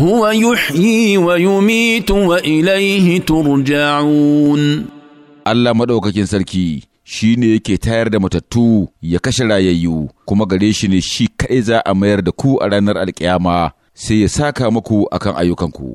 هو يحيي ويميت وإليه ترجعون Allah maɗaukakin sarki shi ne yake tayar da matattu ya kashe rayayyu kuma gare shi ne shi kaɗai za a mayar da ku a ranar alkiyama sai ya saka muku akan ayyukanku.